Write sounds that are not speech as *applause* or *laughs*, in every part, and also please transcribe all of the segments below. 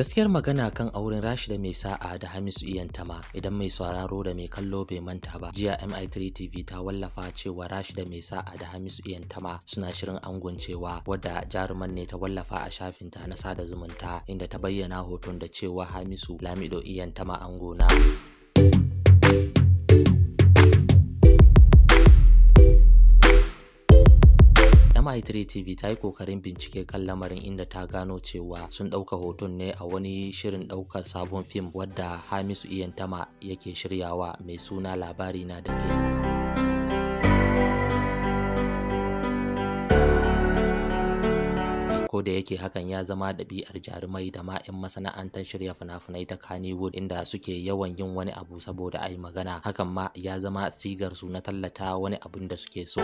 gaskiyar magana kan auren rashida mai sa'a da hamisu iyantama idan mai sauraro da mai kallo bai manta ba jiya mi3 tv ta wallafa cewa rashida mai sa'a da hamisu iyantama suna shirin angon cewa wadda jaruman ne ta wallafa a shafinta na sada zumunta inda ta bayyana hoton da cewa hamisu lamido iyantama angona MI3 TV ta yi kokarin bincike kan lamarin inda ta gano cewa sun ɗauka hoton ne a wani shirin ɗaukar sabon fim wadda Hamisu Iyan Tama yake shiryawa mai suna labari na da ke. ko da yake hakan ya zama ɗabi'ar jarumai da ma 'yan masana'antar shirya fina-finai ta Kannywood inda suke yawan yin wani abu saboda a magana hakan ma ya zama sigar su na tallata wani abun da suke so.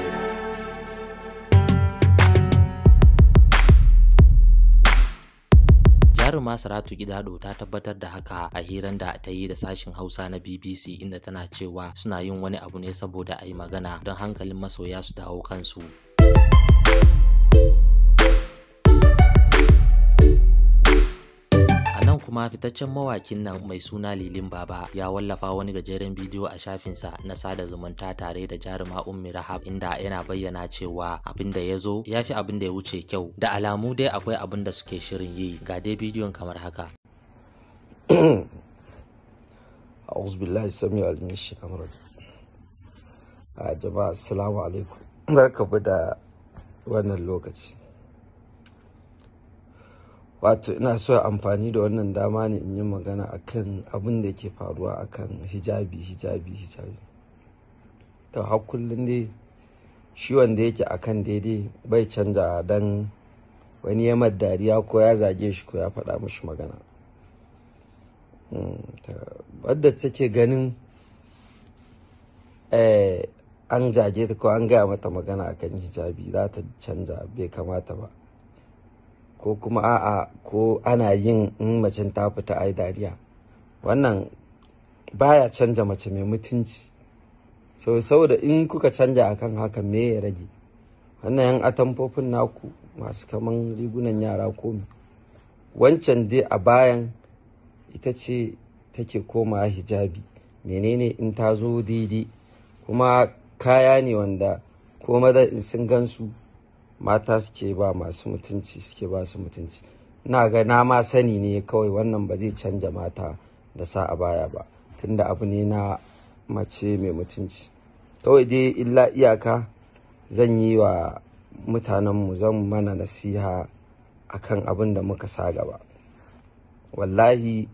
ma saratu gidado ta tabbatar da haka a hiran da ta yi da sashin hausa na bbc inda tana cewa suna yin wani abu ne saboda a yi magana don hankalin masoya su dawo kansu kuma fitaccen mawakin nan mai suna Lilin Baba ya wallafa wani gajeren bidiyo a shafinsa na sada zumunta tare da jaruma Ummi Rahab inda yana bayyana cewa abin da ya zo ya fi abin da ya wuce kyau da alamu dai akwai abin da suke shirin yi ga dai bidiyon kamar haka. أعوذ بالله السميع العليم من الشيطان الرجيم jama'a assalamu alaikum barkamu da wannan lokaci wato ina so amfani da wannan dama ne in yi magana a kan abin da ke faruwa a kan hijabi hijabi hijabi ta har dai shi wanda yake kan daidai bai canza don wani ya dariya ko ya zage shi ko ya faɗa mashi magana hmm, wadda take ganin eh, an zage ta ko an gaya mata magana a kan hijabi za ta canza bai kamata ba ko kuma a'a ko ana yin in macen ta fita ai dariya wannan baya canja mace mai mutunci so saboda in kuka canja akan haka me ya rage wannan yan atamfofin naku masu kaman rigunan yara komi wancan dai a bayan ita ce take koma hijabi menene in ta zo daidai kuma kaya ne wanda ko maza sun gansu mata suke ba masu mutunci suke ba su mutunci na ga na ma sani ne kawai wannan ba zai canja mata da sa a baya ba tunda abu ne na mace mai mutunci kawai dai illa iyaka zan yi wa mutanenmu zan mana nasiha akan abin da muka sa gaba wallahi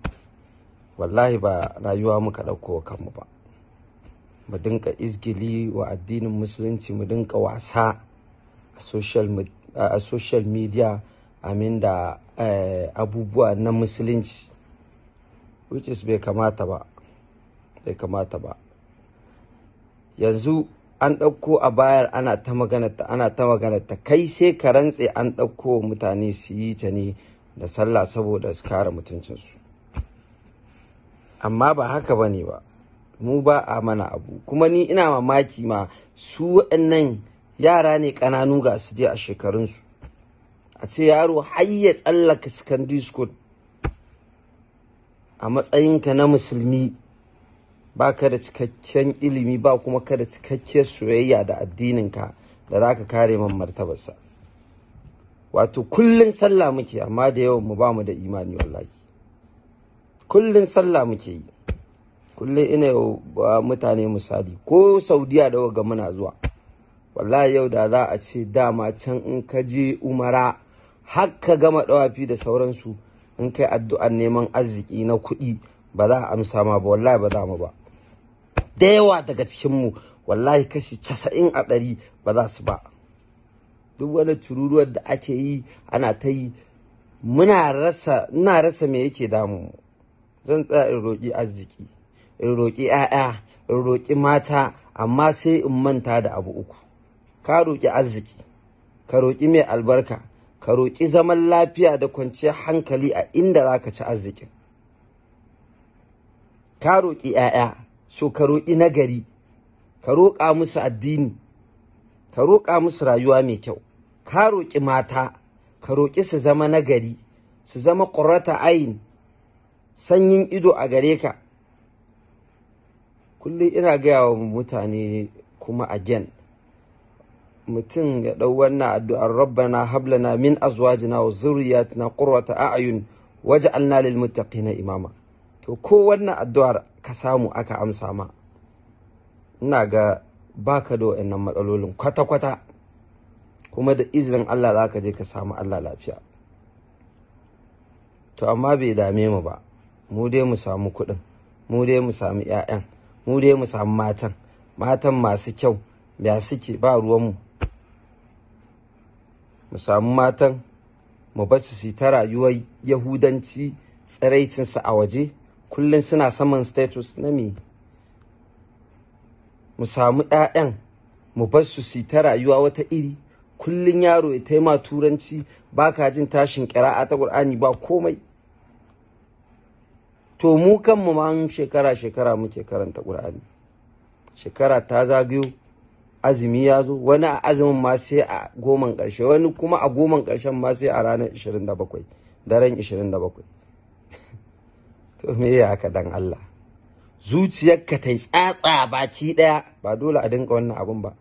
wallahi ba rayuwa muka ɗauko kanmu ba mu dinka izgili wa addinin musulunci mu dinka wasa a social media amin da eh, abubuwa na musulunci which is bai kamata ba bai kamata ba yanzu an ɗauko a bayar ana ta maganata ana ta maganata kai sai ka rantse an ɗauko mutane su yi ta ne da sallah saboda su kare mutuncinsu amma ba haka ba ne ba mu ba a mana abu kuma ni ina mamaki ma su waɗannan yara ne kananu ga su a shekarunsu a ce yaro har ya tsallaka secondary school a matsayinka na musulmi ba ka da cikakken ilimi ba kuma ka da cikakkiyar soyayya da addininka da za ka kare man martabarsa wato kullun sallah muke amma da yawan mu bamu da imani wallahi kullun sallah muke yi kullun ina yau mutane misali ko saudiya da ga muna zuwa wallahi yau da za a ce dama can in ka je umara har ka gama dawafi da sauransu in kai addu'ar neman arziki na kuɗi ba za a amsa ma ba wallahi ba za mu ba da yawa daga cikinmu wallahi kashi casa'in a ɗari ba za su ba duk wani tururuwar da ake yi ana ta yi muna rasa ina rasa me yake damu zan tsaya in roƙi arziki in roƙi 'ya'ya in roƙi mata amma sai in manta da abu uku ka roƙi arziki ka roƙi mai albarka ka roƙi zaman lafiya da kwanciyar hankali a inda za ka ci arzikin ka roƙi 'ya'ya so ka roƙi nagari ka roƙa musu addini ka roƙa musu rayuwa mai kyau ka roƙi mata ka roƙi su zama nagari su zama ƙurrata ayin sanyin ido a gare ka kullum ina gaya wa mutane kuma again mutum ya ɗau wannan addu'ar rabbana hablana min azwajina wa zurriyatina qurrata a'yun waj'alna lil na imama to ko wannan addu'ar ka samu aka amsa ma ina ga baka da wayannan matsalolin kwata kwata kuma da izinin Allah zaka je ka samu Allah lafiya to amma bai dame mu ba mu dai mu samu kuɗin mu dai mu samu 'ya'yan mu dai mu samu matan matan masu kyau ya suke ba ruwanmu mu samu matan mu ba su ta rayuwar yahudanci tsiraicinsa a waje kullum suna saman status na me mu samu 'ya'yan mu bar su ta rayuwa wata iri kullum yaro ya taima turanci ba ka jin tashin kira'a ta ƙur'ani ba komai to mu kanmu ma shekara shekara muke karanta ƙur'ani shekara ta zagayo azumi ya zo wani a azumin ma sai a goman ƙarshe wani kuma a goman ƙarshen ma sai a ranar 27 daren 27 *laughs* to me ya haka dan Allah zuciyarka ta yi tsatsa baki ɗaya ba dole a dinka wannan abun ba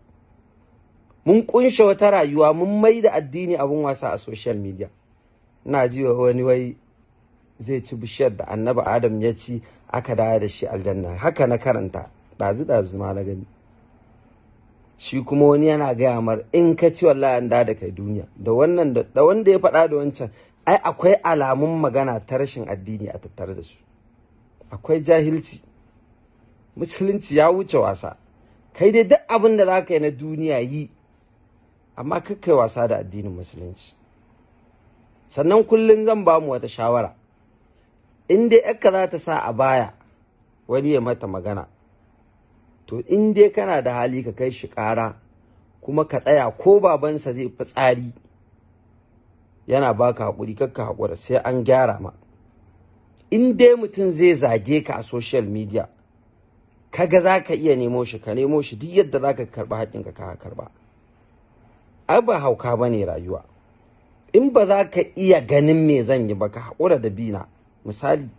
mun kunshe wata rayuwa mun mai da addini abun wasa a social media na ji wani wai zai ci bishiyar da annabi adam ya ci aka dawo da shi aljanna haka na karanta ɗazu-ɗazu ma na gani shi kuma wani yana gaya mar in ka ci wallahi an da kai duniya da wannan da wanda ya faɗa da wancan ai akwai alamun magana ta rashin addini a tattare da su akwai jahilci musulunci ya wuce wasa kai dai duk abin da za ka yi na duniya yi amma kakkai wasa da addinin musulunci sannan kullum zan ba mu wata shawara in dai 'yarka za ta sa a baya wani ya mata magana to in dai kana da hali ka kai shi ƙara kuma ka tsaya ko babansa zai fi tsari yana baka haƙuri kakka haƙura sai an gyara ma in dai mutum zai zage ka a social media kaga za ka iya nemo shi ka nemo shi duk yadda za ka karɓa haƙƙinka ka karɓa ai ba hauka ba ne rayuwa in ba za ka iya ganin me zan yi ba ka haƙura da bina misali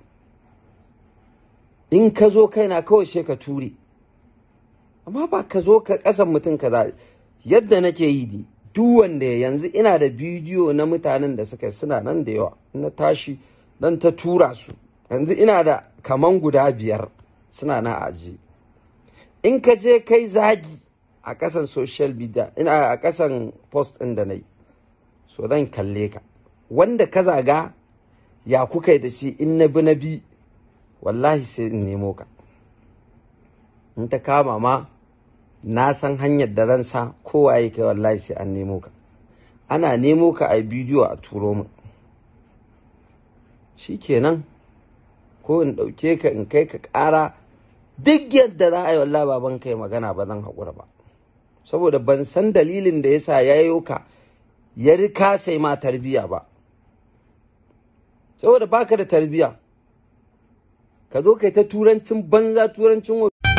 in ka zo kaina kawai sai ka ture amma ba ka zo ka kasan mutum kaza yadda nake yi duk wanda yanzu ina da bidiyo na mutanen da suka suna nan da yawa na tashi dan ta tura su yanzu ina da kaman guda biyar suna na aji in ka je kai zagi a kasan social media ina a kasan post ɗin da na yi so zan kalle ka wanda ka zaga ya kuka da shi in na bi na bi wallahi sai in nemo ka in ta kama ma na san hanyar da zan sa kowa ya kai wallahi sai an nemo ka ana nemo ka a bidiyo a turo shi nan, ko in ɗauke ka in kai ka ƙara duk yadda za a yi wallahi baban kai magana ba zan haƙura ba saboda ban san dalilin da yasa ya yi ka ya rika sai ma tarbiya ba saboda baka da tarbiya ka zo kai ta turancin banza turancin